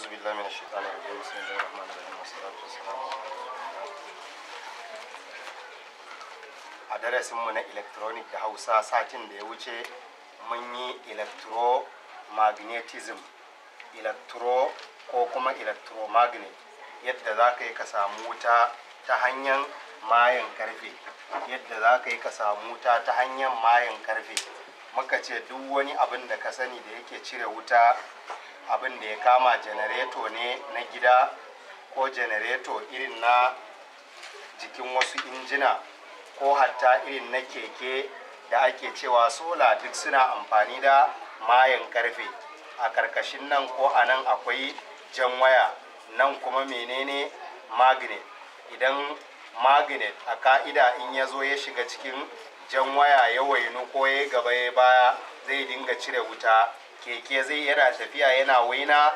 أعوذ بالله من الشيطان الرجيم بسم الله الرحمن الرحيم والصلاة والسلام على a darasinmu na electronic da hausa satin da ya wuce mun yi electromagnetism electro ko kuma electromagnet yadda za ka yi ka samu wuta ta hanyar mayan karfe yadda za ka yi ka samu wuta ta hanyar mayan karfe muka ce duk wani abin da ka sani da yake cire wuta abin da ya kama janareto ne na gida ko janareto irin na jikin wasu injina ko hatta irin na keke da ake cewa sola duk suna amfani da mayan karfe a karkashin nan ko a nan akwai jan waya nan kuma menene magnet idan magnet a ka'ida in ya zo ya shiga cikin jan waya ya wainu ko ya gaba ya baya zai dinga cire wuta keke zai yana tafiya yana waina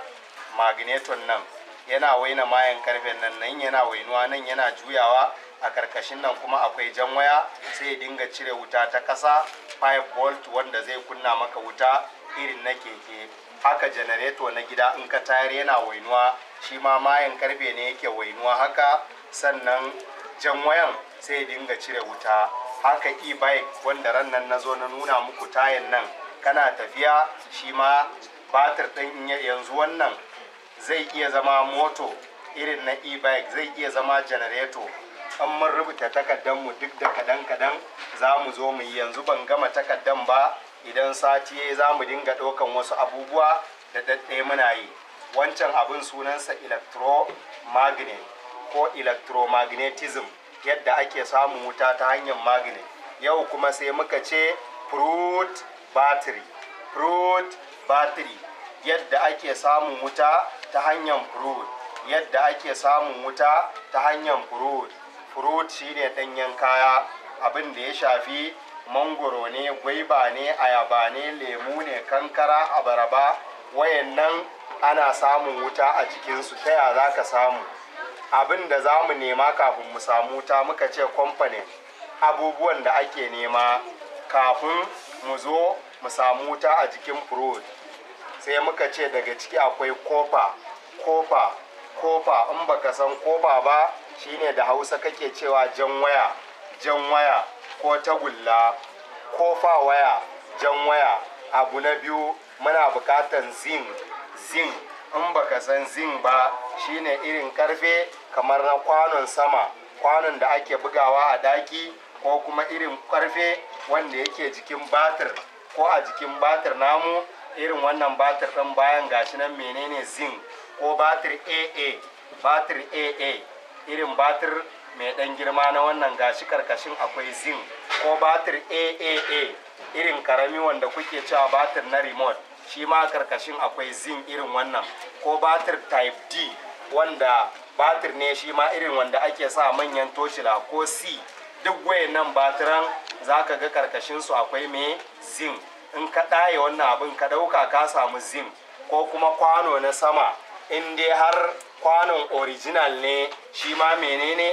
magneton nan yana waina mayan karfen nan nan yana wainuwa nan yana juyawa a karkashin nan kuma akwai jan waya sai ya dinga cire wuta ta kasa 5 volt wanda zai kunna maka wuta irin na keke haka janareto na gida in ka tayar yana wainuwa shi ma mayan karfe ne yake wainuwa haka sannan jan wayan sai ya dinga cire wuta haka e-bike wanda ran nan na zo na nuna muku tayan nan kana tafiya shi ma batir ɗin yanzu wannan zai iya zama moto irin na e-bike zai iya zama janareto an mun rubuta takaddan mu duk da kadan kadan za mu zo mu yanzu ban gama takaddan ba idan sati ya za mu dinga ɗaukan wasu abubuwa da ɗaɗɗe muna yi wancan abin sunansa electromagnet ko electromagnetism yadda ake samun wuta ta hanyar magnet yau kuma sai muka ce fruit batiri prod batiri yadda ake samun wuta ta hanyar prod yadda ake samun wuta ta hanyar prod prod shine ɗanyen kaya abin da ya shafi mangoro ne gwaiba ne ayaba ne lemu ne kankara abaraba wayannan ana samun wuta a jikinsu ta ya za ka samu abin da za mu nema kafin mu samu wuta muka ce kwamfanin abubuwan da ake nema kafin mu zo mu samu wuta a jikin furod sai muka ce daga ciki akwai kofa kofa kofa in baka san kofa ba shine da hausa kake cewa jan waya jan waya ko tagulla kofa waya jan waya abu na biyu muna bukatan zin zin in baka san zin ba shine irin karfe kamar na kwanon sama kwanon da ake bugawa a daki ko kuma irin ƙarfe wanda yake jikin batir ko a jikin batir namu irin wannan batir ɗin bayan gashi nan menene zinc ko batir aa batir aa irin batir mai ɗan girma na wannan gashi karkashin akwai zinc ko batir aaa irin karami wanda kuke cewa batir na remote shi ma karkashin akwai zinc irin wannan ko batir type d wanda batir ne shi ma irin wanda ake sa manyan toshila ko c duk nan batiran za ka ga su akwai mai zin in ka ɗaye wannan abin ka ɗauka ka samu zin ko kuma kwano na sama in dai har kwanon original ne shi ma menene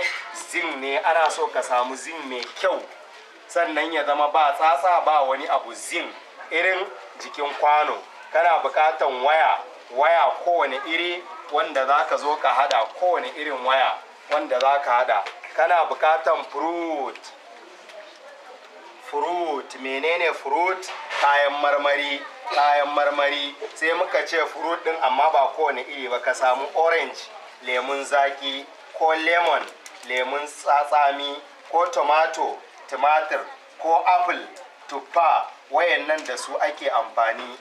zin ne ana so ka samu zin mai kyau sannan ya zama ba tsatsa ba wani abu zin irin jikin kwano kana buƙatan waya waya kowane iri wanda za ka zo ka hada kowane irin waya wanda za ka hada kana bukatan fruit fruit menene fruit kayan marmari kayan marmari sai muka ce fruit din amma ba kowane iri ba ka samu orange lemun zaki ko lemon lemun tsatsami ko tomato tumatir ko apple tuffa wayannan da su ake amfani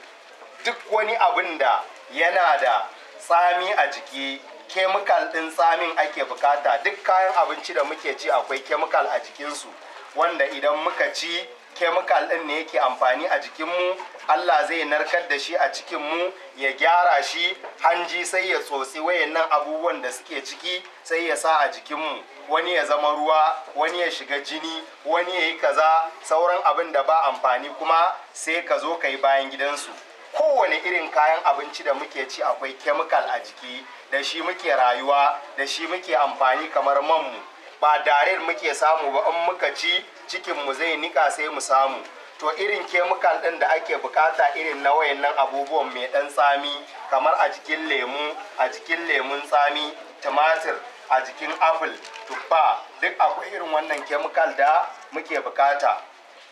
duk wani abin da yana da tsami a jiki kemikal ɗin tsamin ake bukata duk kayan abinci da muke ci akwai kemikal a jikinsu wanda idan muka ci kemikal ɗin ne yake amfani a jikinmu Allah zai narkar da shi a cikinmu ya gyara shi hanji sai ya tsotsi wayannan abubuwan da suke ciki sai ya sa a jikinmu wani ya zama ruwa wani ya shiga jini wani ya yi kaza sauran abin da ba amfani kuma sai ka zo ka yi bayan gidansu kowane irin kayan abinci da muke ci akwai kemikal a jiki da shi muke rayuwa da shi muke amfani kamar manmu ba dare muke samu ba in muka ci cikinmu zai nika sai mu samu to irin kemikal ɗin da ake bukata irin na wayannan abubuwan mai ɗan tsami kamar a jikin lemu a jikin lemun tsami tumatir a jikin apple tuffa duk akwai irin wannan kemikal da muke bukata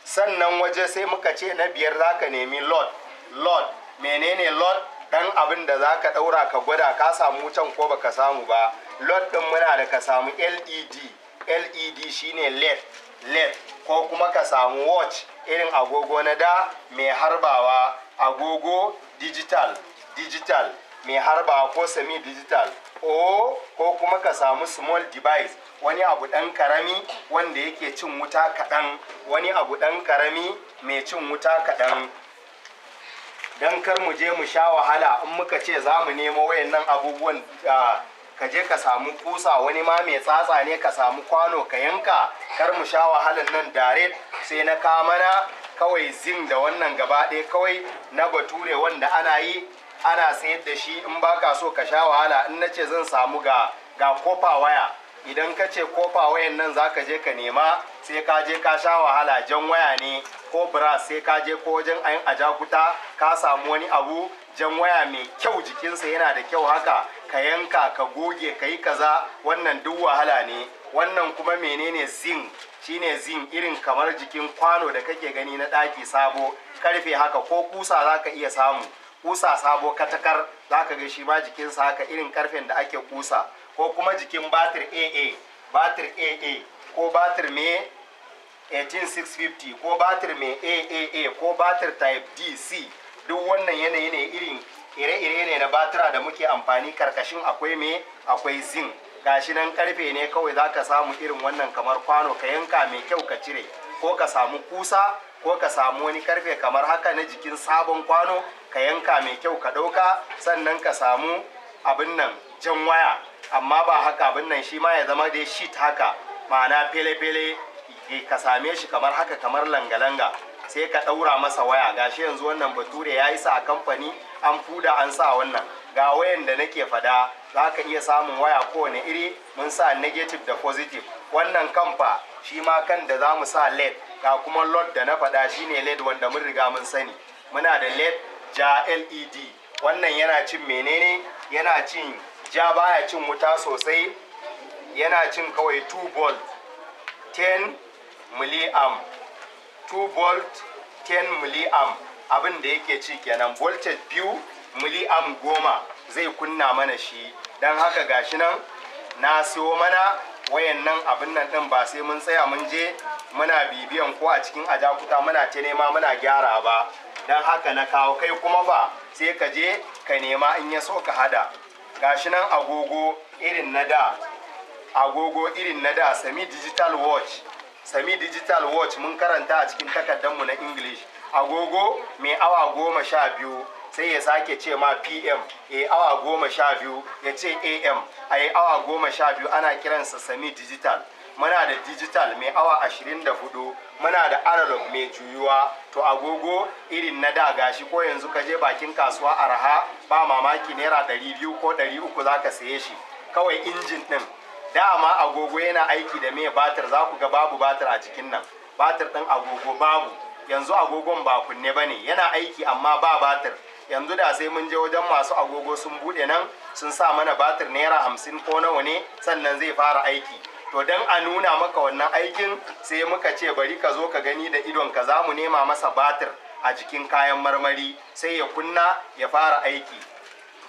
sannan waje sai muka ce na biyar zaka nemi lot lord menene lord dan abin da za ka ɗaura ka gwada ka samu can ko ba ka samu ba lord ɗin muna da ka samu led led shine led led ko kuma ka samu watch irin agogo na da mai harbawa agogo digital digital mai harbawa ko semi digital o ko kuma ka samu small device wani abu ɗan karami wanda yake cin wuta kaɗan wani abu ɗan karami mai cin wuta kaɗan don kar mu je mu sha wahala in muka ce za mu nemo wayannan abubuwan ka je ka samu kusa wani ma mai tsatsa ne ka samu kwano ka yanka kar mu sha wahalan nan dare sai na kamana kawai zin da wannan gaba ɗaya kawai na bature wanda ana yi ana sayar da shi in baka so ka sha wahala in na ce zan samu ga ga kofa waya idan ka ce kofa wayan nan za ka je ka nema sai ka je ka sha wahala jan waya ne ko bras sai ka je ko wajen ayin ajakuta ka samu wani abu jan waya mai kyau jikinsa yana da kyau haka ka yanka ka goge ka yi kaza wannan duk wahala ne wannan kuma menene zin shine zin irin kamar jikin kwano da kake gani na ɗaki sabo karfe haka ko kusa za ka iya samu kusa sabo katakar za ka ga shi ma jikinsa haka irin karfen da ake kusa ko kuma jikin batir aa batir aa ko batir me 18650 ko batir me aaa ko batir type dc duk wannan yanayi ne irin ire-ire ne na batira da muke amfani karkashin akwai me akwai zin gashi nan karfe ne kawai za ka samu irin wannan kamar kwano ka yanka mai kyau ka cire ko ka samu kusa ko ka samu wani karfe kamar haka na jikin sabon kwano ka yanka mai kyau ka ɗauka sannan ka samu abin nan jan waya amma ba haka abin nan shi ma ya zama dai shi haka ma'ana fele-fele ka same shi kamar haka kamar langa-langa sai ka ɗaura masa waya ga shi yanzu wannan bature ya yi sa a kamfani an fuda an sa wannan ga wayan da nake fada za ka iya samun waya kowane iri mun sa negative da positive wannan kamfa shi ma kan da za mu sa led ga kuma lod da na fada ne led wanda mun riga mun sani muna da led ja led wannan yana cin menene yana cin ja baya cin wuta sosai yana cin kawai 2 volt 10 milliamp 2 volt 10 milliamp abin da yake ci kenan voltage biyu mili'am goma zai kunna mana shi don haka gashi nan na siyo mana wayan nan abin nan din ba sai mun tsaya mun je muna bibiyan ko a cikin ajakuta muna ta nema muna gyara ba don haka na kawo kai kuma ba sai ka je ka nema in ya so ka hada gashi nan agogo irin na da agogo irin na da sami digital watch sami digital watch mun karanta a cikin takardarmu na english agogo mai awa goma sha biyu sai ya sake ce ma pm ya eh, awa goma sha biyu ya ce am a awa goma sha biyu ana kiransa sami digital muna da digital mai awa 24 muna da analog mai juyuwa to agogo irin na da gashi ko yanzu ka je bakin kasuwa arha ba mamaki naira 200 ko 300 za ka saye shi kawai injin din dama agogo yana aiki da mai batir za ku ga babu batir a cikin nan batir din agogo babu yanzu agogon ba kunne bane yana aiki amma ba batir yanzu da sai mun je wajen masu agogo sun bude nan sun sa mana batir naira hamsin ko nawa ne sannan zai fara aiki to dan a nuna maka wannan aikin sai muka ce bari ka zo ka gani da idon ka za mu nema masa batir a jikin kayan marmari sai ya kunna ya fara aiki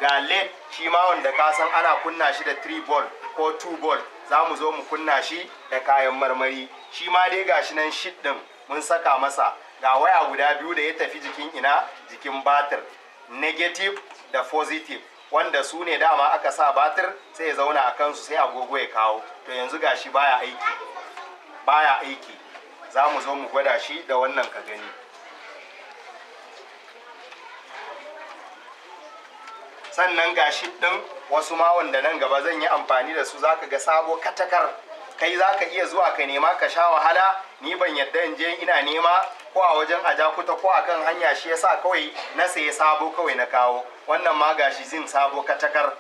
ga led shi ma wanda ka san ana kunna shi da 3 ball ko 2 ball za mu zo mu kunna shi da kayan marmari shi ma dai gashi nan shit din mun saka masa ga waya guda biyu da ya tafi jikin ina jikin batir negative da positive wanda su ne dama aka sa batir sai ya zauna a kansu sai agogo ya kawo to yanzu gashi baya aiki baya aiki za mu zo mu gwada shi da wannan ka gani sannan gashi ɗin wasu ma wanda nan gaba zan yi amfani da su zaka ga sabo katakar kai zaka iya zuwa ka nema ka sha wahala ni ban yadda in je ina nema ko a wajen ajakuta ko a kan hanya shi yasa kawai na saye sabo kawai na kawo wannan ma gashi zin sabo katakar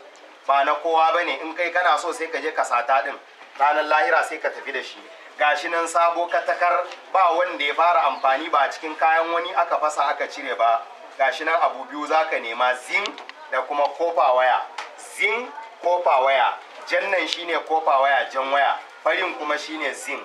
ba na kowa ba ne in kai kana so sai ka je ka sata din ranar lahira sai ka tafi da shi gashi nan sabo katakar ba wanda ya fara amfani ba cikin kayan wani aka fasa aka cire ba gashi nan abu biyu za ka nema zin da kuma kofa waya zin kofa waya jannan shine kofa waya jan waya farin kuma shine zin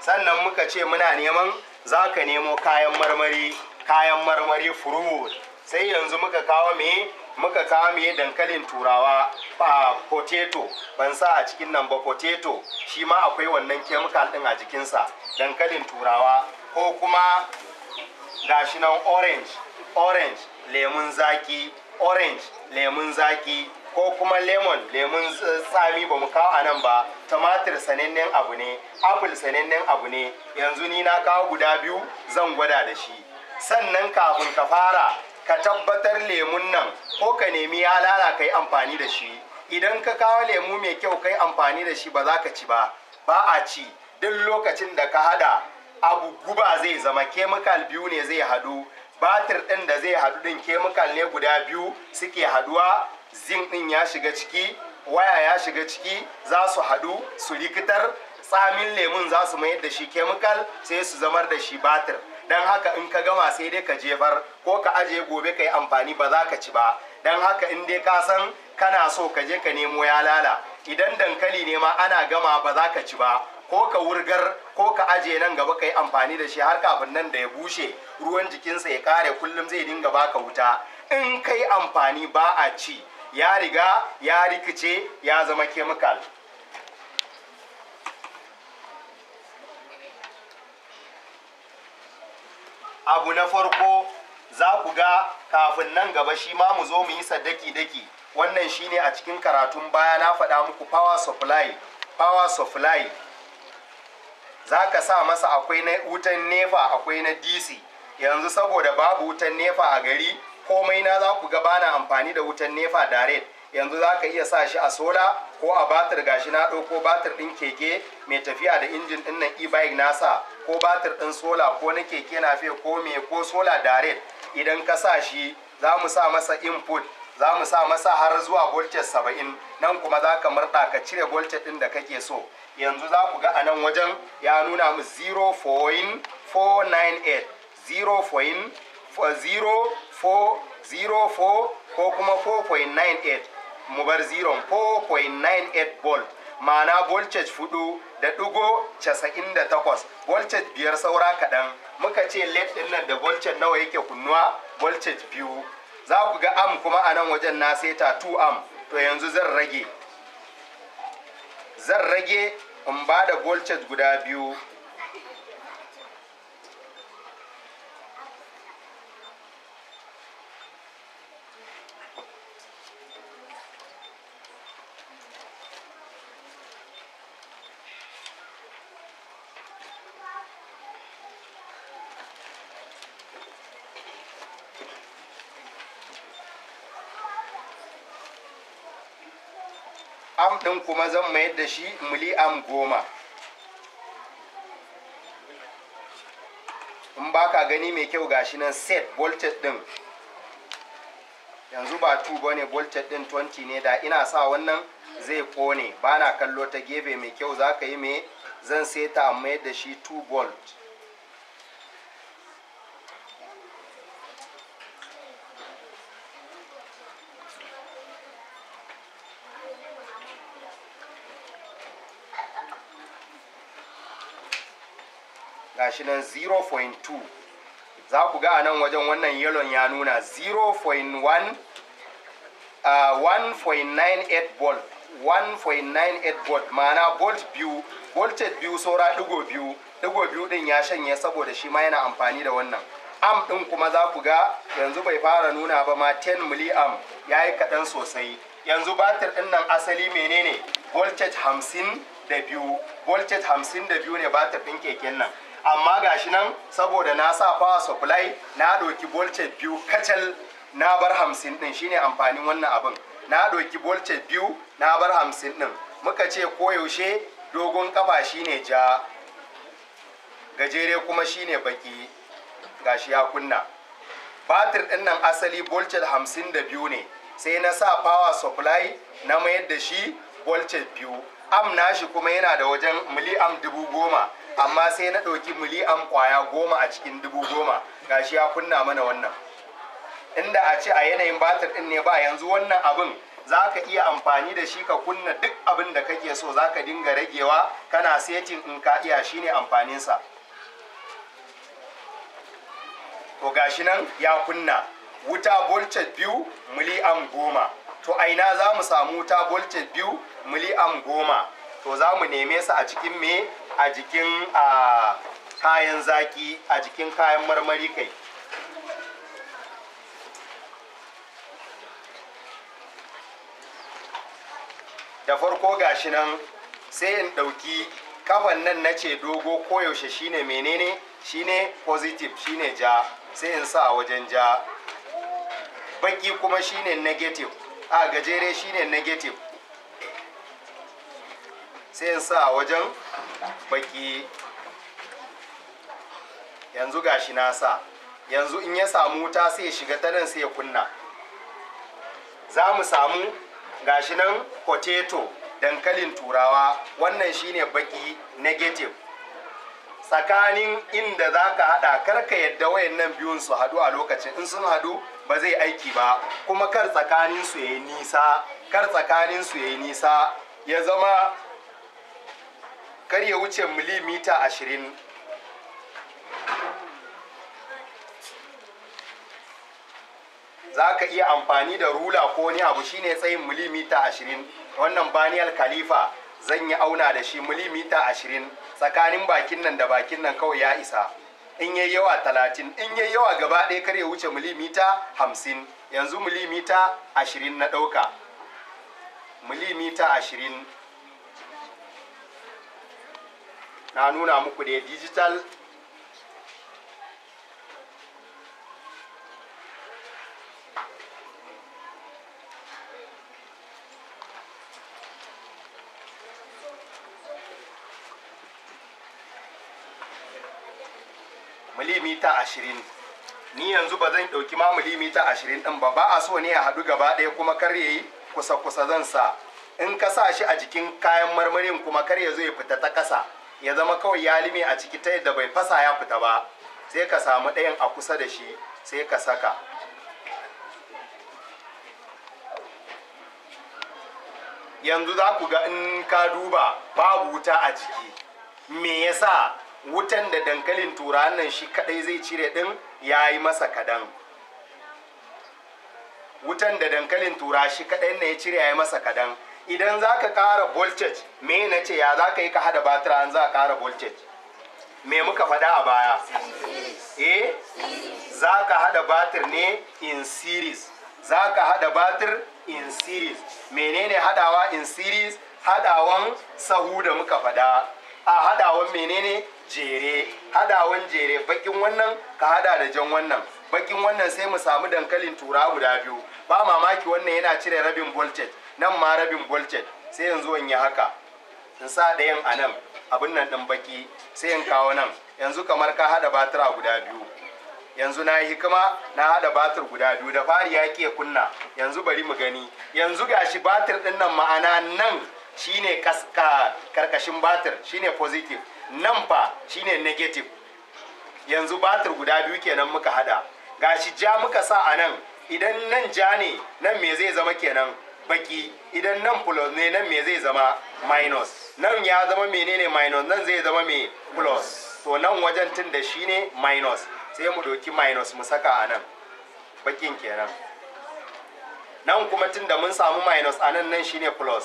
sannan muka ce muna neman za ka nemo kayan marmari kayan marmari fruit sai yanzu muka kawo me muka kawo me dankalin turawa a potato ban sa a cikin nan ba potato shi ma akwai wannan kemikal din a jikinsa dankalin turawa ko kuma gashi nan orange orange lemun zaki orange lemun zaki ko kuma lemon lemun tsami ba mu kawo a nan ba tumatir sanannen abu ne apple sanannen abu ne yanzu ni na kawo guda biyu zan gwada da shi sannan kafin ka fara ka tabbatar lemun nan ko ka nemi ya lala ka yi amfani da shi idan ka kawo lemu mai kyau ka yi amfani da shi ba za ka ci ba ba a ci duk lokacin da ka hada abu guba zai zama kemikal biyu ne zai hadu batir ɗin da zai hadu ɗin kemikal ne guda biyu suke haduwa zin ɗin ya shiga ciki waya ya shiga ciki za su hadu su rikitar tsamin lemun za su mayar da shi kemikal sai su zamar da shi batir dan haka in ka gama sai dai ka jefar ko ka aje gobe ka yi amfani ba za ka ci ba dan haka in dai ka san kana so ka je ka nemo ya lala idan dankali ne ma ana gama ba za ka ci ba ko ka wurgar ko ka aje nan gaba ka yi amfani da shi har kafin nan da ya bushe ruwan jikinsa ya kare kullum zai dinga baka wuta in ka yi amfani ba a ci ya riga ya rikice ya zama chemical abu na farko za ku ga kafin nan gaba shi ma mu zo mu yi sadaki-daki wannan shine a cikin karatun baya na faɗa muku power supply power supply za ka sa masa akwai na wutan nefa akwai na dc yanzu saboda babu wutan nefa a gari komai na za ku ga bana amfani da wutan nefa direct yanzu za ka iya sa shi a sola ko a batir gashi na ɗauko batir ɗin keke mai tafiya da injin ɗin nan e-bike nasa ko batir ɗin sola ko na keke na fe ko me ko sola direct idan ka sa shi za mu sa masa input za mu sa masa har zuwa voltage saba'in nan kuma za ka murɗa ka cire voltage ɗin da kake so yanzu za ku ga a nan wajen ya nuna mu 0.498 ko kuma 4.98 mu bar 0.498 volt ma'ana voltage fudu da casa'in da takwas voltage biyar saura kaɗan muka ce led ɗin nan da voltage nawa yake kunnuwa voltage biyu za ku ga am kuma a nan wajen na seta 2 am to yanzu zan rage zan rage in ba da voltage guda biyu am ɗin kuma zan mayar da shi mili'am goma in ba ka gani mai kyau gashi nan set bolted ɗin yanzu ba 2 ba ne voltage ɗin 20 ne da ina sa wannan zai kone ba na kallo ta gefe mai kyau za ka yi mai zan seta a mayar da shi 2 bolt. gashi nan 0.2 za ku ga a nan wajen wannan yellow ya nuna 0.1 1.98 uh, volt 1.98 volt ma'ana volt biyu voltage biyu saura dugo biyu dugo biyu din ya shanye saboda shi ma yana amfani da wannan am din kuma za ku ga yanzu bai fara nuna ba ma 10 milliamp ya yi kaɗan sosai yanzu batir din nan asali menene voltage hamsin da biyu voltage hamsin da biyu ne batir din keken nan amma gashi nan saboda na sa power supply na ɗauki voltage biyu kacal na bar hamsin din shine amfanin wannan abin na ɗauki voltage biyu na bar hamsin din muka ce ko yaushe dogon kafa shine ja gajere kuma shine baki gashi ya kunna batir din nan asali voltage hamsin da biyu ne sai na sa power supply na mayar da shi voltage biyu am nashi kuma yana da wajen mili'am dubu goma amma sai na ɗauki miliyan kwaya goma a cikin dubu goma gashi ya kunna mana wannan inda a ce a yanayin batir ɗin ne ba yanzu wannan abin za ka iya amfani da shi ka kunna duk abin da kake so za ka dinga ragewa kana setin in ka iya shi ne amfaninsa to gashi nan ya kunna wuta voltage biyu miliyan goma to aina za mu samu wuta voltage biyu miliyan goma to za mu neme su a cikin me a jikin kayan zaki a jikin kayan marmari kai da farko gashi nan sai in ɗauki kafan nan na ce dogo koyaushe shine menene shine positive shine ja sai in sa wajen ja baki kuma shine negative a gajere shine negative sai sa wajen baki yanzu gashi na sa yanzu in ya samu wuta sai ya shiga ta nan sai ya kunna za mu samu gashi nan potato dankalin turawa wannan shine baki negative tsakanin inda za ka haɗa karka yadda wayannan biyun su haɗu a lokacin in sun hadu ba zai aiki ba kuma kar tsakanin su yayi nisa kar tsakanin su yayi nisa ya zama kar ya wuce milimita ashirin za ka iya amfani da rula ko wani abu shine tsayin milimita ashirin wannan baniyal khalifa zan yi auna da shi milimita ashirin tsakanin bakin nan da bakin nan kawai ya isa in yi yawa talatin in yi yawa gaba ɗaya kar ya wuce milimita hamsin yanzu milimita ashirin na ɗauka milimita ashirin na nuna muku da digital milimita ashirin ni yanzu ba zan ɗauki ma milimita ashirin ɗin ba ba a so ne ya haɗu gaba ɗaya kuma kar ya kusa-kusa zan sa in ka sa shi a jikin kayan marmarin kuma kar ya zo ya fita ta ƙasa ya zama kawai ya lime a ciki ta yadda bai fasa ya fita ba sai ka samu ɗayan a kusa da shi sai ka saka yanzu za ku ga in ka duba babu wuta a jiki me yasa wutan da dankalin tura nan shi kadai zai cire din ya yi masa kadan wutan da dankalin tura shi kadai ne ya cire ya yi masa kadan idan za ka ƙara voltage me na ce ya za ka yi ka hada batira an za ka ƙara voltage me muka faɗa a baya eh za ka hada batir ne in series za ka hada batir in series menene hadawa in series hadawan sahu da muka faɗa a hadawan menene jere hadawan jere bakin wannan ka hada da jan wannan bakin wannan sai mu samu dankalin tura guda biyu ba mamaki wannan yana cire rabin voltage nan ma rabin bolted sai yanzu in yi haka in sa ɗayan a nan abin nan ɗin baki sai in kawo nan yanzu kamar ka haɗa batura guda biyu yanzu na yi kuma na haɗa batir guda biyu da fari ya ke kunna yanzu bari mu gani yanzu gashi batir ɗin nan ma'ana nan shine karkashin batir shine positive nan fa shine negative yanzu batir guda biyu kenan muka hada gashi ja muka sa a nan idan nan ja ne nan me zai zama kenan baki idan nan plus ne nan me zai zama minus nan ya zama menene minus nan zai zama me plus to nan wajen tun da shi ne minus sai mu doki minus mu saka a nan bakin kenan nan kuma tun da mun samu minus a nan nan shine plus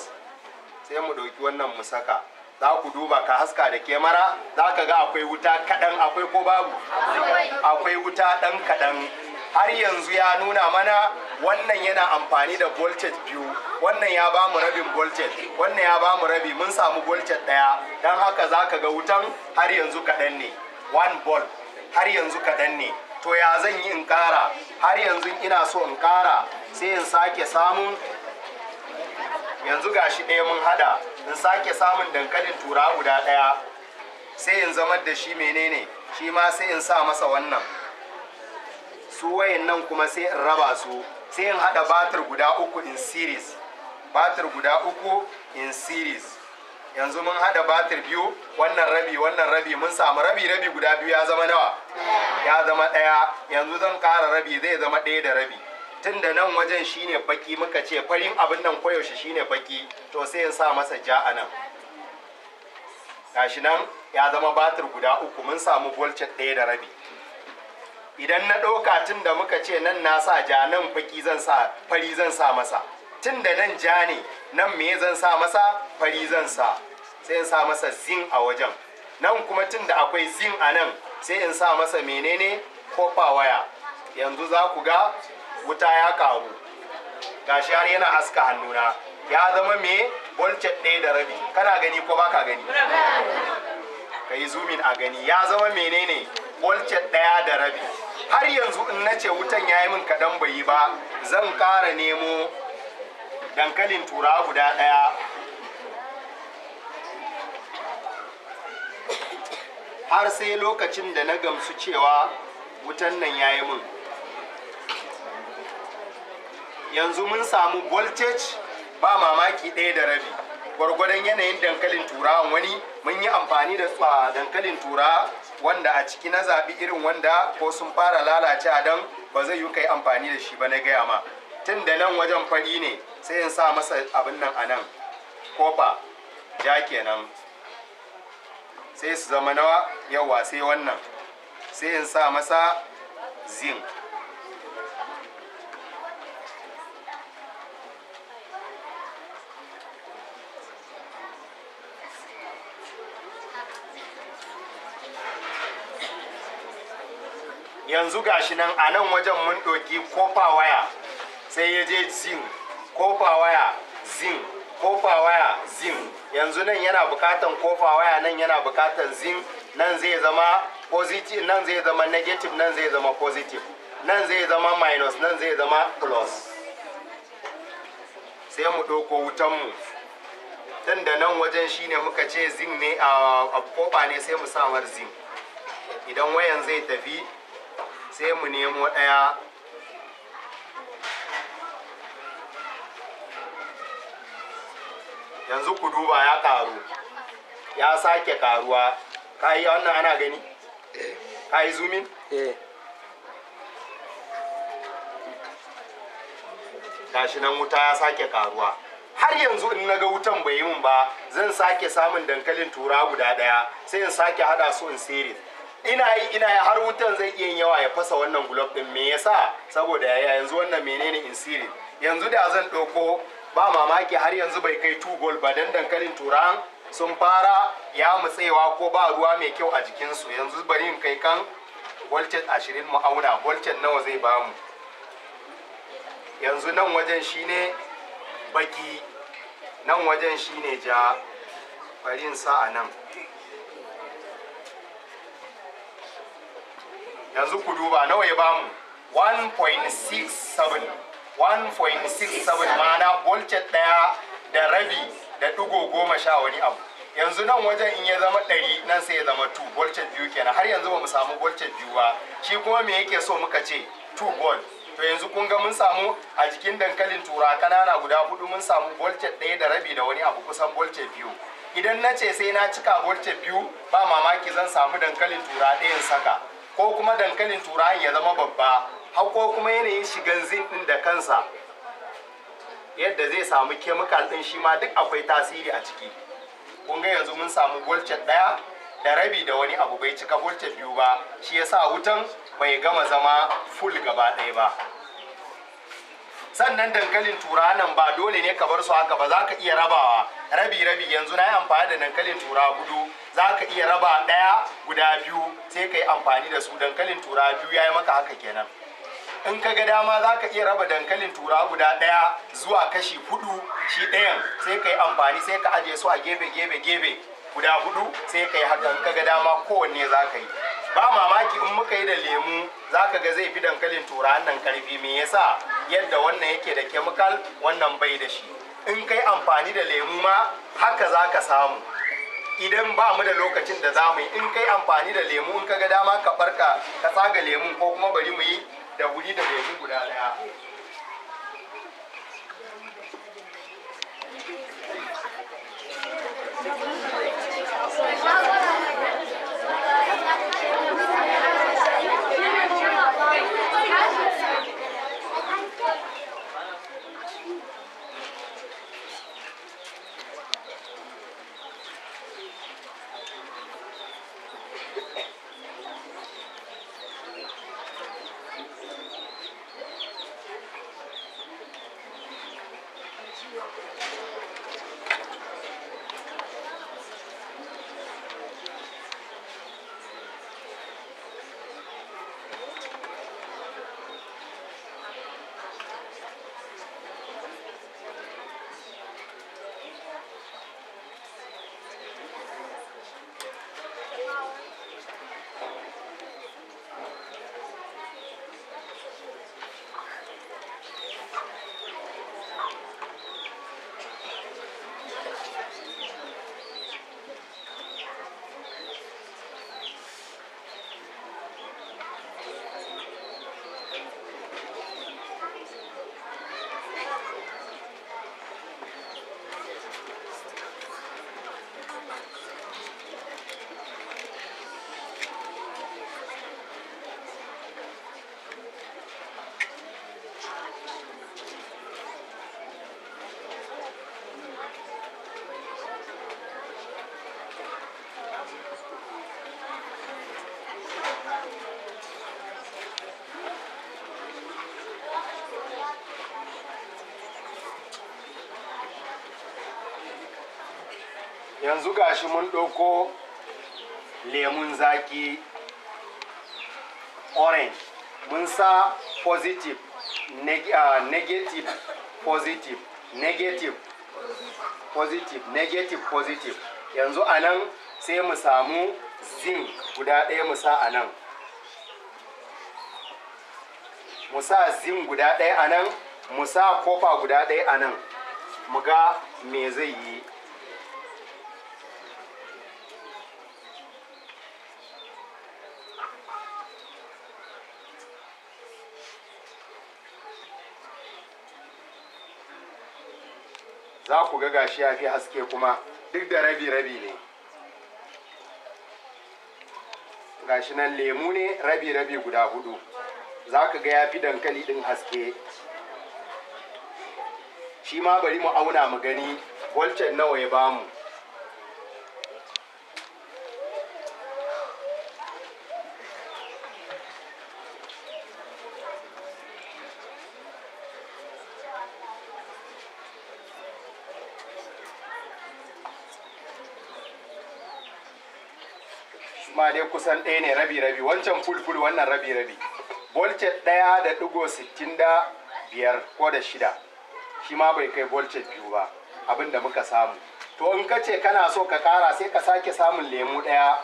sai mu ɗauki wannan mu saka za ku duba ka haska da kemara za ka ga akwai wuta kaɗan akwai ko babu akwai wuta ɗan kaɗan har yanzu ya nuna mana wannan yana amfani da voltage biyu wannan ya ba mu rabin voltage wannan ya ba mu rabi mun samu voltage ɗaya don haka za ka ga wutan har yanzu kaɗan ne one volt har yanzu kaɗan ne to ya zan yi in ƙara har yanzu ina so in ƙara sai in sake samun yanzu gashi ɗaya mun hada in sake samun dankalin tura guda ɗaya sai in zamar da shi menene shi ma sai in sa masa wannan su nan kuma sai in raba su sai in haɗa batir guda uku in series batir guda uku in series yanzu mun haɗa batir biyu wannan rabi wannan rabi mun samu rabi rabi guda biyu ya zama nawa ya zama ɗaya yanzu zan kara rabi zai zama ɗaya da rabi tun da nan wajen shine baki muka ce farin abin nan koyaushe shine baki to sai in sa masa ja a nan gashi nan ya zama batir guda uku mun samu bolcet ɗaya da rabi idan na ɗauka tun da muka ce nan na sa ja nan baki zan sa fari zan sa masa tun da nan ja ne nan me zan sa masa fari zan sa sai in sa masa zin a wajen nan kuma tun da akwai zin a nan sai in sa masa menene kofa waya yanzu za ku ga wuta ya karu gashi har yana haska hannuna ya zama me bolcet ɗaya da rabi kana gani ko baka gani ka yi zumin a gani ya zama menene bolcet ɗaya da rabi har yanzu in na ce wutan ya yi min kaɗan bai yi ba zan ƙara nemo dankalin tura guda ɗaya har sai lokacin da na gamsu cewa wutan nan ya yi min yanzu mun samu voltage ba mamaki ɗaya da rabi gwargwadon yanayin dankalin turawan wani mun yi amfani da ah, dankalin turawa wanda a ciki na zaɓi irin wanda ko sun fara lalace a dan ba zai yi kai amfani da shi ba na gaya ma tun da nan wajen fari ne sai in sa masa abin nan a nan kofa ja kenan sai su zama nawa yawa sai wannan sai in sa masa zinc yanzu gashi nan a nan wajen mun ɗoki kofa waya sai ya je zin kofa waya zin kofa waya zin yanzu nan yana bukatan kofa waya nan yana bukatan zin nan zai zama positive nan zai zama negative nan zai zama positive nan zai zama minus nan zai zama plus sai mu ɗauko wutanmu tun da nan wajen shine muka ce zin ne a kofa ne sai mu samar zin idan wayan zai tafi sai mu nemo ɗaya yanzu ku duba ya karu ya sake karuwa ka yi wannan ana gani eh. ka yi zumin eh. gashi nan wuta ya sake karuwa har yanzu in naga wutan bai yi min ba zan sake samun dankalin tura guda daya sai in sake hada su in series ina yi ina yi har wutan zai iya yawa ya fasa wannan gulob din me yasa saboda yaya yanzu wannan menene in siri yanzu da zan ɗauko ba mamaki har yanzu bai kai 2 goal ba dan dankalin turan sun fara ya mutsewa ko ba ruwa mai kyau a jikin su yanzu bari in kai kan voltage ashirin mu auna voltage nawa zai bamu yanzu nan wajen shine baki nan wajen shine ja bari in sa a nan yanzu ku duba nawa ya bamu 1.67 1.67 ma'ana voltage ɗaya da rabi da ɗigo goma sha wani abu yanzu nan wajen in ya zama ɗari nan sai ya zama 2 voltage biyu kenan har yanzu ba mu samu voltage biyu ba shi kuma me yake so muka ce 2 bol? to yanzu kun ga mun samu a jikin dankalin tura kanana guda hudu mun samu voltage ɗaya da rabi da wani abu kusan voltage biyu idan na ce sai na cika voltage biyu ba mamaki zan samu dankalin tura ɗayan saka ko kuma dankalin turawan ya zama babba har ko kuma yanayin shigan zin ɗin da kansa yadda zai samu kemikal din shi ma duk akwai tasiri a ciki kun ga yanzu mun samu bolcet ɗaya? da rabi da wani abu bai cika bolcet biyu ba shi yasa wutan bai gama zama full gaba ɗaya ba sannan dankalin turawa nan ba dole ne ka bar su haka ba za ka iya rabawa rabi rabi yanzu na yi amfani da dankalin turawa gudu. za ka iya raba ɗaya guda biyu sai ka yi amfani da su dankalin tura biyu ya yi maka haka kenan in ka ga dama za ka iya raba dankalin tura guda ɗaya zuwa kashi hudu shi ɗayan sai ka yi amfani sai ka ajiye su a gefe gefe gefe guda hudu sai ka yi haka in ka ga dama kowanne za ka yi ba mamaki in muka yi da lemu za ka ga zai fi dankalin tura nan karfi me yasa yadda wannan yake da kemikal wannan bai da shi in kai amfani da lemu ma haka za ka samu idan ba mu da lokacin da za mu yi in kai amfani da lemu in ka ga dama ka barka ka tsaga lemun ko kuma bari mu yi da wuri da lemu guda daya yanzu gashi mun ɗauko lemun zaki orange mun sa positive neg uh, negative positive negative positive negative positive yanzu a nan sai mu samu zinc guda ɗaya mu sa a nan mu sa zinc guda ɗaya a nan mu sa kofa guda ɗaya a nan mu ga me zai yi za ku ga gashi ya fi haske kuma duk da rabi-rabi ne gashi nan lemu ne rabi-rabi guda hudu za ka ga ya fi dankali ɗin haske shi ma bari mu auna mu gani wancan nawa ya bamu ma dai kusan ɗaya ne rabi-rabi wancan full wannan rabi-rabi bolce ɗaya da ɗigo sittin da biyar ko da shida shi ma bai kai bolce biyu ba abin da muka samu to in ka ce kana so ka kara sai ka sake samun lemu ɗaya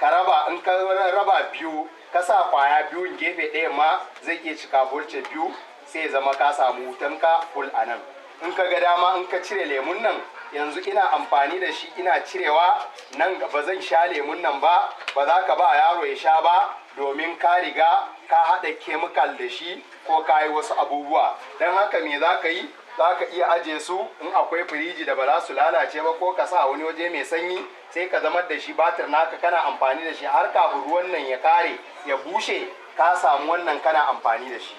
ka raba in ka raba biyu ka sa kwaya biyun gefe ɗaya ma zai iya cika bolce biyu sai zama ka samu wutan ka ful a nan in ka ga dama in ka cire lemun nan yanzu ina amfani da shi ina cirewa nan ba zan sha lemun nan ba ba za ka ba yaro ya sha ba domin ka riga ka haɗa kemikal da shi ko ka yi wasu abubuwa don haka me za ka yi za ka iya aje su in akwai firiji da ba za su lalace ba ko ka sa wani waje mai sanyi sai ka zama da shi batir naka kana amfani da shi har kafin ruwan nan ya kare ya bushe ka samu wannan kana amfani da shi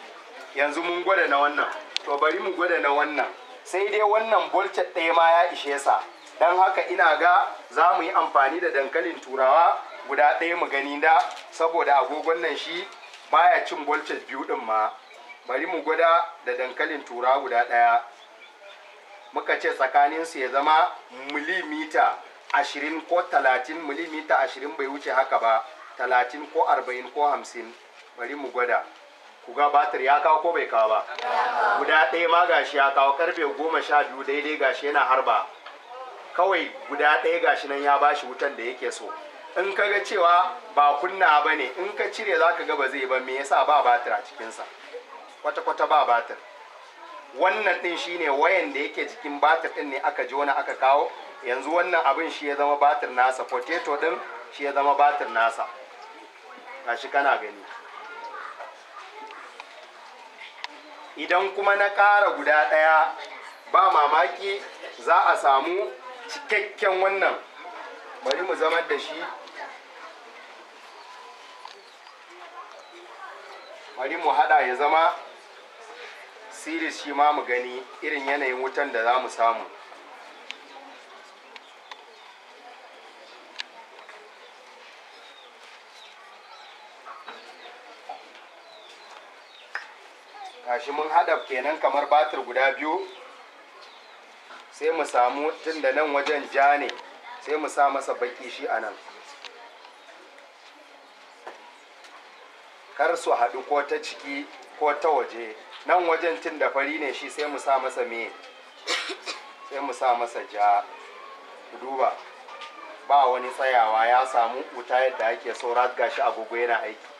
yanzu mun gwada na wannan to bari mu gwada na wannan sai dai wannan bolcet ɗaya ma ya ishe sa don haka ina ga za mu yi amfani da dankalin turawa guda ɗaya mu gani da saboda agogon nan shi baya cin bolcet biyu ɗin ma bari mu gwada da dankalin turawa guda ɗaya muka ce tsakaninsu ya zama milimita ashirin ko talatin milimita ashirin bai wuce haka ba talatin ko arba'in ko hamsin bari mu gwada ku ga batir ya kawo ko bai kawo ba guda ɗaya ma gashi ya kawo karfe goma sha biyu daidai gashi yana harba kawai guda ɗaya gashi nan ya bashi wutan da yake so in ka ga cewa ba kunna ba ne in ka cire za ka ga ba zai ba me yasa ba batir a cikinsa kwata-kwata ba batir wannan ɗin ne wayan da yake jikin batir ɗin ne aka wani aka kawo yanzu wannan abin shi ya zama batir nasa potato ɗin shi ya zama batir nasa gashi kana gani idan kuma na ƙara guda ɗaya ba mamaki za a samu cikakken wannan bari mu zama da shi bari mu hada ya zama siris shi ma mu gani irin yanayin wutan da za mu samu gashi mun hada kenan kamar batir guda biyu sai mu samu tun da nan wajen ja ne sai mu sa masa baki shi a nan kar su haɗu ko ta ciki ko ta waje nan wajen tun da fari ne shi sai mu sa masa me sai mu sa masa ja duba ba wani tsayawa ya samu wuta yadda ake so gashi agogo yana aiki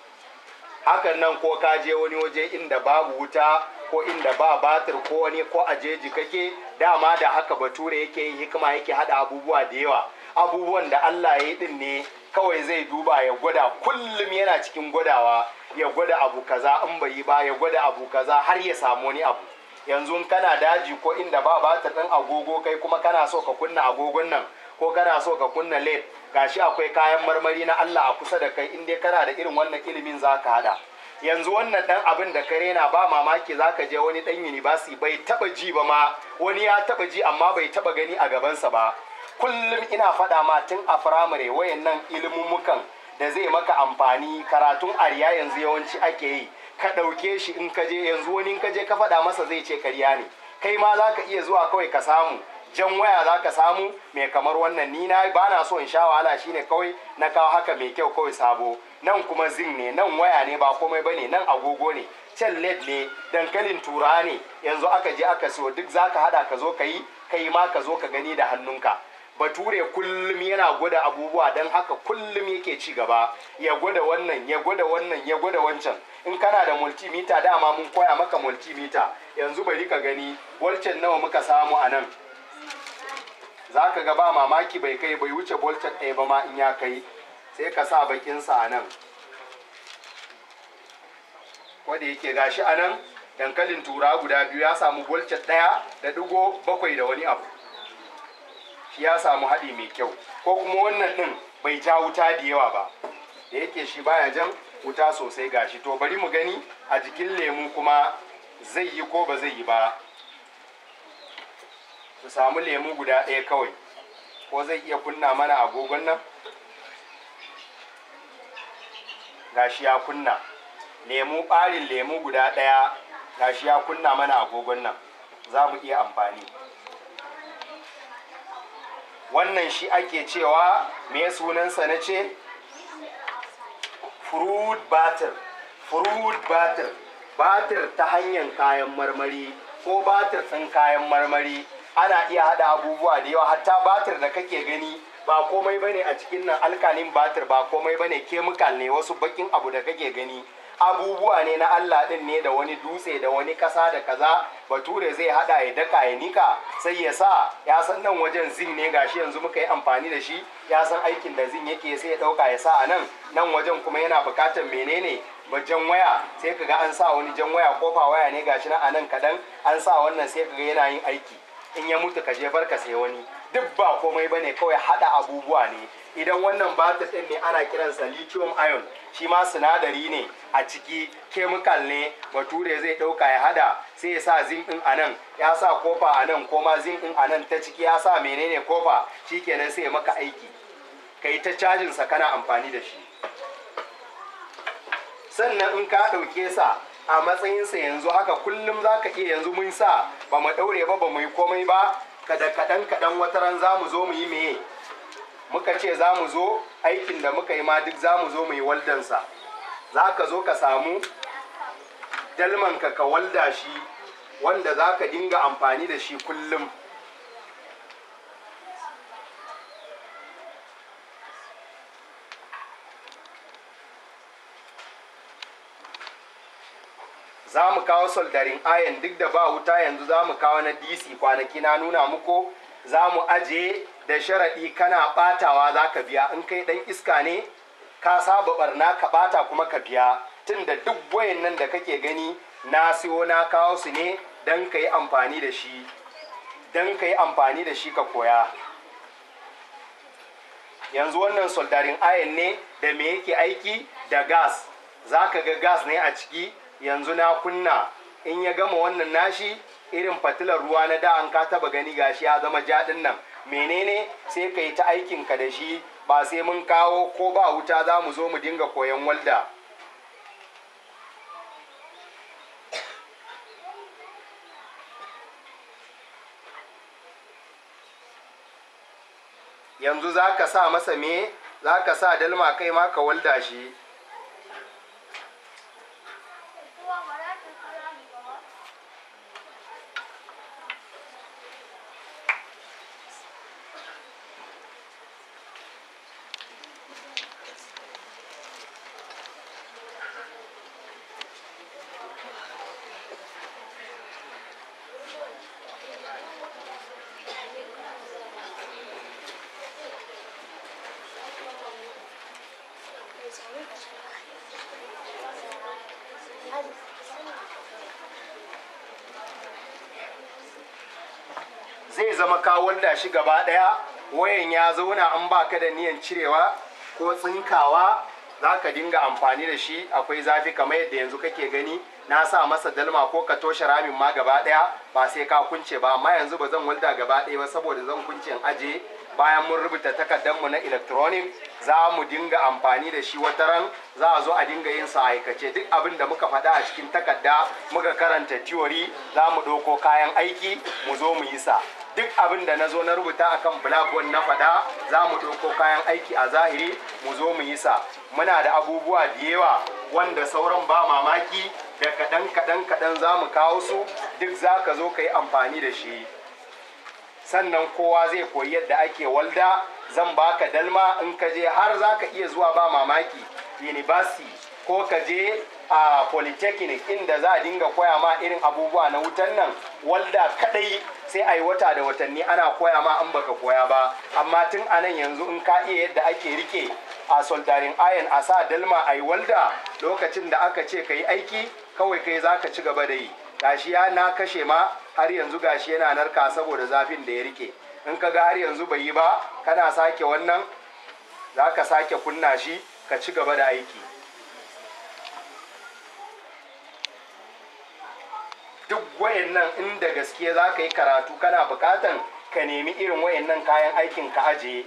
hakan nan ko ka je wani waje inda babu wuta ko inda ba batir ko wani ko a jeji kake dama da haka bature yake yin hikima yake hada abubuwa da yawa abubuwan da Allah ya yi din ne kawai zai duba ya gwada kullum yana cikin gwadawa ya gwada abu kaza in bai yi ba ya gwada abu kaza har ya samu wani abu yanzu kana daji ko inda ba batir din agogo kai kuma kana so ka kunna agogon nan ko kana so ka kunna led gashi akwai kayan marmari na Allah a kusa da kai in dai kana da irin wannan ilimin za ka hada yanzu wannan dan abin da ka rena ba mamaki za ka je wani dan university bai taba ji ba ma wani ya taba ji amma bai taba gani a gabansa ba kullum ina faɗa ma tun a firamare wayannan mukan da zai maka amfani karatun ariya yanzu yawanci ake yi ka ɗauke shi in ka je yanzu wani in ka je ka faɗa masa zai ce karya ne kai ma za ka iya zuwa kawai ka samu jan waya za ka samu mai kamar wannan ni na ba na so in sha wahala shine kawai na kawo haka mai kyau kawai sabo nan kuma zin ne nan waya ne ba komai ba ne, nan agogo ne can led ne dankalin tura ne yanzu aka je aka so duk za ka hada ka zo ka yi kai ma ka zo ka gani da hannunka bature kullum yana gwada abubuwa don haka kullum yake ci gaba ya gwada wannan ya gwada wannan ya gwada wancan in kana da multimeter dama mun koya maka multimeter yanzu bari ka gani wancan nawa muka samu a nan za ka ga ba mamaki bai kai bai wuce boltar ɗaya ba ma in ya kai sai ka sa bakinsa a nan wanda yake gashi a nan dankalin tura guda biyu ya samu bolcar ɗaya da ɗigo bakwai da wani abu shi ya samu haɗi mai kyau ko kuma wannan ɗin bai ja wuta da yawa ba da yake shi baya jan wuta sosai gashi to bari mu gani a jikin lemu kuma zai yi ko ba zai yi ba su samu lemu guda ɗaya kawai ko zai iya kunna mana agogon nan gashi ya kunna lemu ɓarin lemu guda ɗaya gashi ya kunna mana agogon nan za mu iya amfani wannan shi ake cewa me sunansa na ce fruit batter fruit batter batter ta hanyar kayan marmari ko batter ɗin kayan marmari ana iya haɗa abubuwa da yawa hatta batir da kake gani ba komai bane a cikin nan alkalin batir ba komai bane kemikal ne wasu bakin abu da kake gani abubuwa ne na Allah ɗin ne da wani dutse da wani kasa da kaza bature zai haɗa ya daka ya nika sai ya sa ya san nan wajen zin ne gashi yanzu muka yi amfani da shi ya san aikin da zin yake sai ya ɗauka ya sa a nan nan wajen kuma yana bukatar menene jan waya sai kaga an sa wani jan waya kofa waya ne gashi nan a nan kadan an sa wannan sai kaga yana yin aiki in ya mutu ka je barka sai wani duk ba komai bane kawai hada abubuwa ne idan wannan batir din ne ana sa lithium ion shi ma sinadari ne a ciki chemical ne bature zai dauka ya hada sai ya sa zinc din anan ya sa kofa anan ko ma zinc din anan ta ciki ya sa menene kofa shikenan sai maka aiki kai ta cajin sa kana amfani da shi sannan in ka dauke sa a matsayinsa yanzu haka kullum za ka iya yanzu mun sa ba mu ɗaure ba ba mu yi komai ba kada kaɗan kaɗan wata ran za mu zo mu yi meye muka ce za mu zo aikin da muka yi ma duk za mu zo mu yi waldansa za ka zo ka samu dalmanka ka walda shi wanda za ka dinga amfani da shi kullum za mu kawo soldarin ayan duk da ba wuta yanzu za mu kawo na dc kwanaki na nuna muku za mu aje da sharaɗi kana ɓatawa za ka biya in kai ɗan iska ne ka saba barna ka ɓata kuma ka biya Tunda duk wayan nan da kake gani na siyo na kawo su ne don ka yi amfani da shi don ka amfani da shi ka koya yanzu wannan soldarin ayan ne da me yake aiki da gas za ka ga gas ne a ciki yanzu na kunna in ya gama wannan nashi irin fatilar ruwa na da an ka taba gani gashi ya zama jaɗin nan menene sai ka yi ta aikinka da shi ba sai mun kawo ko ba wuta za mu zo mu dinga koyon walda yanzu za ka sa masa me za ka sa dalma kai ma ka walda shi zai zama ka walda shi gaba ɗaya wayan ya zauna an baka da niyan cirewa ko tsinkawa za ka dinga amfani da shi akwai zafi kamar yadda yanzu kake gani na sa masa dalma ko ka toshe ramin ma gaba ɗaya ba sai ka kunce ba amma yanzu ba zan walda gaba ɗaya ba saboda zan kunce aje bayan mun rubuta mu na electronic za mu dinga amfani da shi wata ran za a zo a dinga yin sa aikace duk abin da muka faɗa a cikin takarda muka karanta theory za mu ɗauko kayan aiki mu zo mu yi sa duk abin da na zo na rubuta a kan blackboard na fada za mu ɗauko kayan aiki a zahiri mu zo mu yi sa muna da abubuwa da yawa wanda sauran ba mamaki da kaɗan kaɗan kaɗan za mu kawo su duk za ka zo ka yi amfani da shi sannan kowa zai koyi yadda ake walda zan baka dalma in ka je har za ka iya zuwa ba mamaki university ko ka je a polytechnic inda za a dinga koya ma irin abubuwa na wutan nan walda kadai sai a yi wata da watanni ana koya ma an baka koya ba amma tun a nan yanzu in ka iya yadda ake rike a soldarin iron a sa dalma a yi walda lokacin da aka ce ka yi aiki kawai kai za ka ci gaba da yi gashi ya na kashe ma har yanzu gashi yana narka saboda zafin da ya rike in ka ga har yanzu bai yi ba kana sake wannan za ka sake kunna shi ka ci gaba da aiki duk wayannan in da gaske za ka yi karatu kana bukatan ka nemi irin wayannan kayan aikin ka ajiye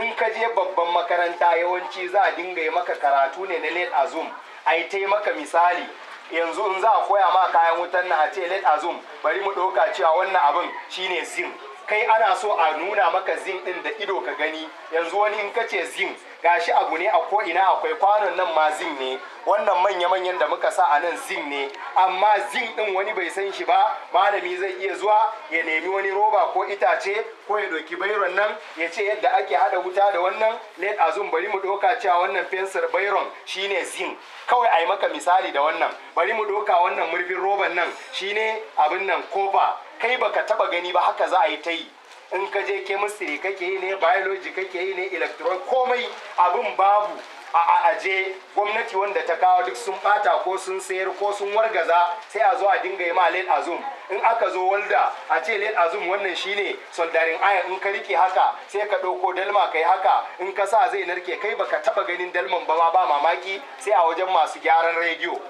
in ka je babban makaranta yawanci za a dinga yi maka karatu ne na late azum a yi ta misali yanzu in za a koya ma kayan wutan na a ce late azum bari mu ɗauka cewa wannan abin shine zin kai ana so a nuna maka zin ɗin da ido ka gani yanzu wani in ka ce zin gashi abu ne a ko'ina akwai kwanon nan ma zin ne wannan manya-manyan da muka sa a nan zin ne amma zin din wani bai san shi ba malami zai iya zuwa ya nemi wani roba ko itace ko ya ɗauki bairon nan ya ce yadda ake haɗa wuta da wannan let zun bari mu ɗauka cewa wannan fensir bairon shine zin kawai a yi maka misali da wannan bari mu ɗauka wannan murfin roban nan shine abin nan kofa kai baka taba gani ba haka za a yi ta yi in ka je chemistry kake yi ne biology kake yi ne electron komai abin babu a aje gwamnati wanda ta kawo duk sun bata ko sun sayar ko sun wargaza sai a zo a dinga yi ma late azum in aka zo walda a ce late azum wannan shine soldarin iron in ka rike haka sai ka ɗauko dalma kai haka in ka sa zai narke kai baka taba ganin dalman ba ba mamaki sai a wajen masu gyaran rediyo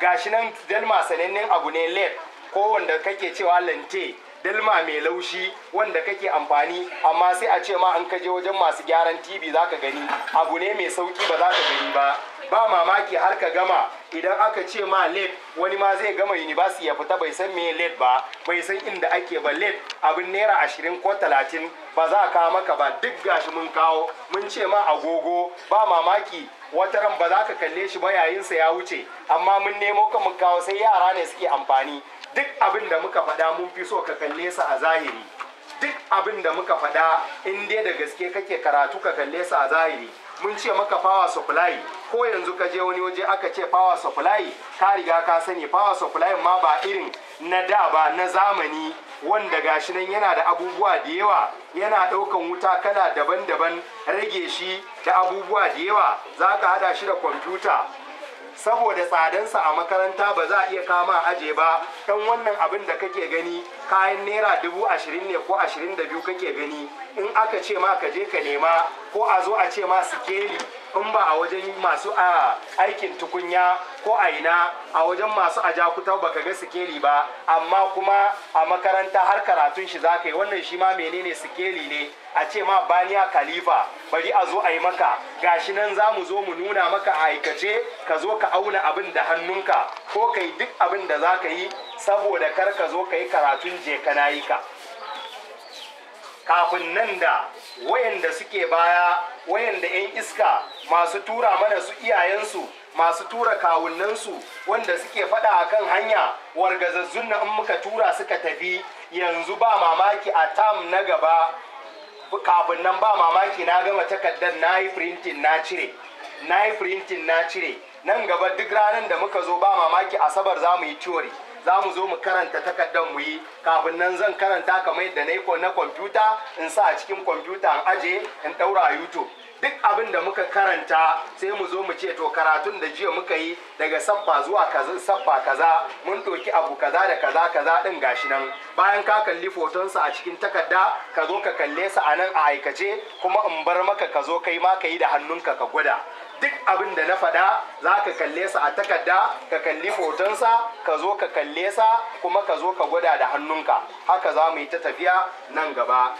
gashi nan dalma sanannen abu ne late ko wanda kake cewa lante dalma mai laushi wanda kake amfani amma sai a ce ma an kaje wajen masu gyaran tv za ka gani abu ne mai sauki ba za ka gani ba ba mamaki har ka gama idan aka ce ma led wani ma zai gama university ya fita bai san me led ba bai san inda ake ba led abin naira ashirin ko talatin ba za ka maka ba duk gashi mun kawo mun ce ma agogo ba mamaki wata ran ba za ka kalle shi ba sa ya wuce amma mun nemo ka mun kawo sai yara ne suke amfani duk abin da muka faɗa mun fi so ka kalle sa a zahiri duk abin da muka faɗa in dai da gaske kake karatu ka kalle sa a zahiri mun ce maka power supply ko yanzu ka je wani waje aka ce power supply ka riga ka sani power supply ma ba irin na da ba na zamani wanda gashi nan yana da abubuwa da yawa yana ɗaukan wuta kala daban-daban rage shi da abubuwa da yawa za ka haɗa shi da kwamfuta saboda tsadansa a makaranta ba za a iya kama aje ba dan wannan abin da kake gani kayan naira dubu ashirin ne ko ashirin da biyu kake gani in aka ce ma ka je ka nema ko a zo a ce ma sikeli in ba a wajen masu a aikin tukunya ko a ina a wajen masu a jakuta baka ga sikeli ba amma kuma a makaranta har karatun shi za ka yi wannan shi ma menene sikeli ne a ce ma baniya khalifa bari a zo a yi maka gashi nan za mu zo mu nuna maka a aikace ka zo ka auna abin da hannunka ko ka yi duk abin da za ka yi saboda kar ka zo ka yi karatun je ka na yi ka kafin nan da wayanda suke baya wayanda 'yan iska masu tura mana su iyayensu masu tura kawunansu wanda suke fada a kan hanya wargazazzun na in muka tura suka tafi yanzu ba mamaki a tam na gaba kafin nan ba mamaki na gama takardar na yi firintin na cire na yi firintin na cire nan gaba duk ranar da muka zo ba mamaki asabar za mu yi teori za mu zo mu karanta takardar mu yi kafin nan zan karanta kamar yadda na yi na kwamfuta in sa a cikin kwamfuta in aje in ɗaura youtube duk abin da muka karanta sai mu zo mu ce to karatun da jiya muka yi daga saffa zuwa kaza saffa kaza mun ɗauki abu kaza da kaza kaza ɗin gashi nan bayan ka kalli fotonsa a cikin takarda ka zo ka kalle sa a nan a aikace kuma in bar maka ka zo kai ma ka yi da hannunka ka gwada duk abin da na faɗa za ka kalle sa a takarda ka kalli hotonsa ka zo ka kalle sa kuma ka zo ka gwada da hannunka haka za mu yi ta tafiya nan gaba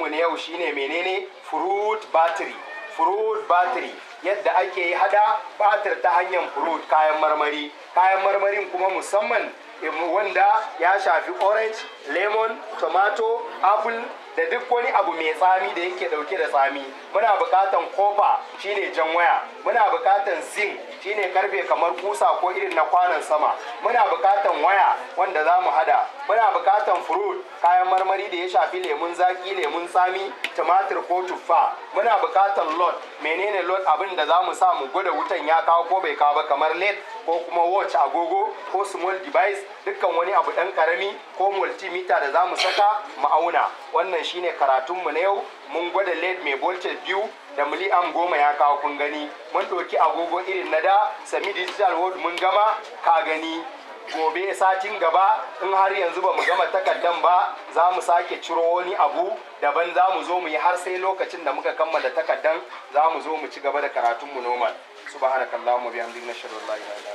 mu na yau shine menene fruit battery fruit battery yadda ake yi hada batir ta hanyar fruit kayan marmari kayan marmarin kuma musamman eh, wanda ya shafi orange lemon tomato apple da duk wani abu mai tsami da yake dauke da tsami muna bukatan kofa shine jan waya muna bukatan zinc shine karfe kamar kusa ko irin na kwanan sama muna bukatan waya wanda za mu hada muna bukatan fruit kayan marmari da ya shafi lemun zaki lemun tsami tumatir ko tuffa muna bukatan lot menene lot abin da za mu sa mu gwada wutan ya kawo ko bai kawo ba kamar led ko kuma watch agogo ko small device dukkan wani abu dan karami ko multimeter da za mu saka mu auna wannan shine karatunmu na yau mun gwada led mai voltage biyu da miliyan goma ya kawo kun gani mun ɗauki agogo irin na da sami digital world mun gama ka gani gobe satin gaba in har yanzu ba mu gama takardan ba za mu sake ciro wani abu daban za mu zo mu yi har sai lokacin da muka kammala takardan za mu zo mu ci gaba da karatunmu normal subhanakallahumma bihamdika nashhadu an la ilaha illa